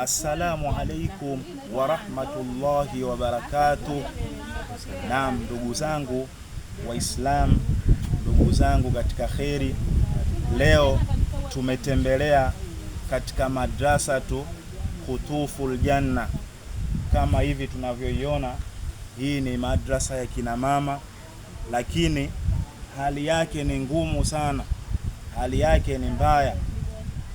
Assalamu alaikum wa wa wabarakatuh. Naam, ndugu zangu Waislamu, ndugu zangu katika kheri, leo tumetembelea katika madrasa tu Khutuful Janna. Kama hivi tunavyoiona, hii ni madrasa ya kina mama, lakini hali yake ni ngumu sana, hali yake ni mbaya.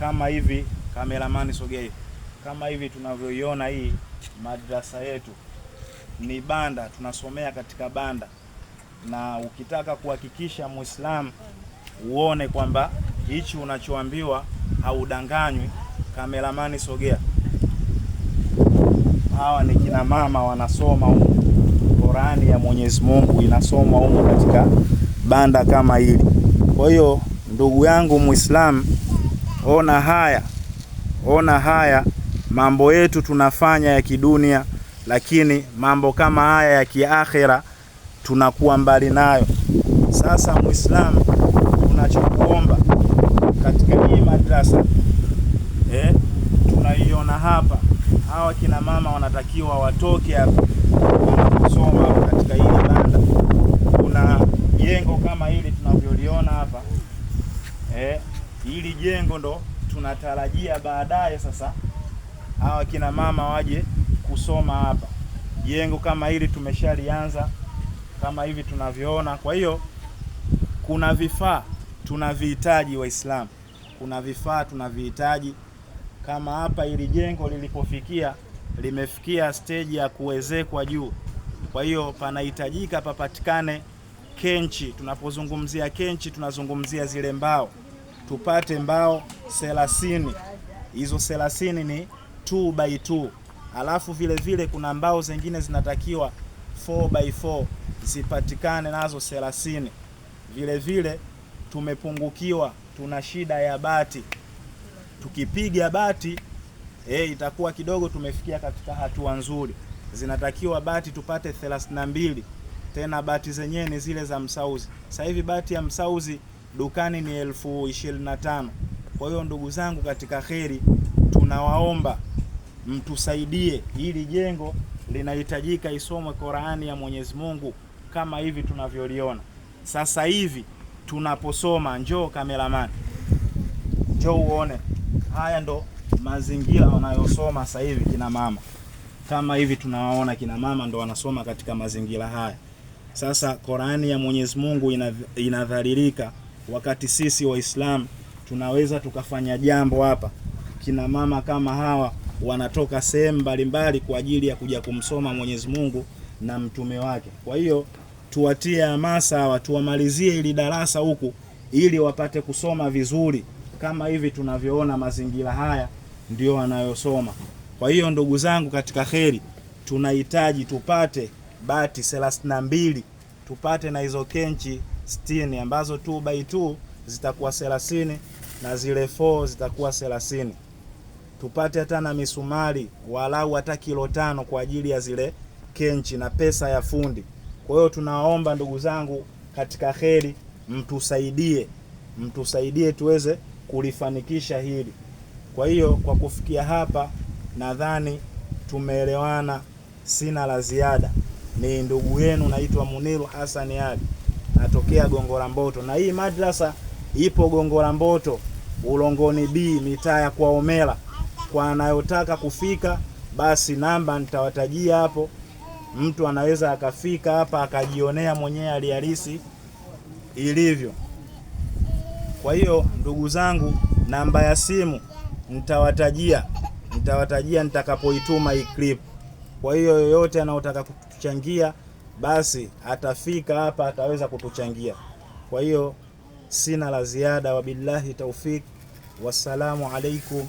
Kama hivi, kameramani, sogea kama hivi tunavyoiona hii madrasa yetu ni banda, tunasomea katika banda, na ukitaka kuhakikisha Muislamu uone kwamba hichi unachoambiwa haudanganywi, kameramani, sogea. Hawa ni kina mama wanasoma huko, Qurani ya Mwenyezi Mungu inasomwa huko katika banda kama hili. Kwa hiyo ndugu yangu Muislamu, ona haya, ona haya mambo yetu tunafanya ya kidunia, lakini mambo kama haya ya kiakhira tunakuwa mbali nayo. Sasa Muislamu, tunachokuomba katika hii madrasa eh, tunaiona hapa, hawa kina mama wanatakiwa watoke hapa kusoma katika hili banda. Kuna jengo kama hili tunavyoliona hapa eh, hili jengo ndo tunatarajia baadaye sasa hawa kina mama waje kusoma hapa. Jengo kama hili tumeshalianza kama hivi tunavyoona. Kwa hiyo kuna vifaa tunavihitaji Waislamu, kuna vifaa tunavihitaji. Kama hapa ili jengo lilipofikia, limefikia steji ya kuwezekwa juu. Kwa hiyo panahitajika papatikane kenchi. Tunapozungumzia kenchi, tunazungumzia zile mbao, tupate mbao 30. Hizo 30 ni 2 by 2, alafu vile vile kuna mbao zingine zinatakiwa 4 by 4 zipatikane nazo 30. Vile vile tumepungukiwa, tuna shida ya bati. Tukipiga bati eh, itakuwa kidogo tumefikia katika hatua nzuri. Zinatakiwa bati tupate 32, tena bati zenyewe ni zile za msauzi. Sasa hivi bati ya msauzi dukani ni elfu ishirini na tano. Kwa hiyo ndugu zangu katika kheri, tunawaomba mtusaidie, hili jengo linahitajika isomwe Qur'ani ya Mwenyezi Mungu kama hivi tunavyoliona sasa hivi tunaposoma. Njoo kameraman, njoo uone, haya ndo mazingira wanayosoma sasa hivi kina mama. Kama hivi tunawaona kina mama ndo wanasoma katika mazingira haya. Sasa Qur'ani ya Mwenyezi Mungu inadhalilika, wakati sisi Waislamu tunaweza tukafanya jambo hapa, kina mama kama hawa wanatoka sehemu mbalimbali kwa ajili ya kuja kumsoma Mwenyezi Mungu na mtume wake. Kwa hiyo tuwatie hamasa hawa, tuwamalizie ili darasa huku ili wapate kusoma vizuri, kama hivi tunavyoona mazingira haya ndio wanayosoma. Kwa hiyo ndugu zangu katika kheri, tunahitaji tupate bati 32 mbili tupate na hizo kenchi 60 ambazo 2 by 2 zitakuwa 30 na zile 4 zitakuwa 30 tupate hata na misumari walau hata kilo tano kwa ajili ya zile kenchi na pesa ya fundi. Kwa hiyo tunaomba ndugu zangu katika kheri, mtusaidie, mtusaidie tuweze kulifanikisha hili. Kwa hiyo kwa kufikia hapa, nadhani tumeelewana, sina la ziada. Ni ndugu yenu, naitwa Muniru Hasani Ali, natokea Gongola Mboto, na hii madrasa ipo Gongola Mboto, Ulongoni B, mitaa ya Kwaomela kwa anayotaka kufika, basi namba nitawatajia hapo. Mtu anaweza akafika hapa akajionea mwenyewe hali halisi ilivyo. Kwa hiyo ndugu zangu, namba ya simu nitawatajia, nitawatajia nitakapoituma hii clip. Kwa hiyo yoyote anayotaka kutuchangia basi atafika hapa ataweza kutuchangia. Kwa hiyo sina la ziada, wabillahi taufiki, wassalamu alaikum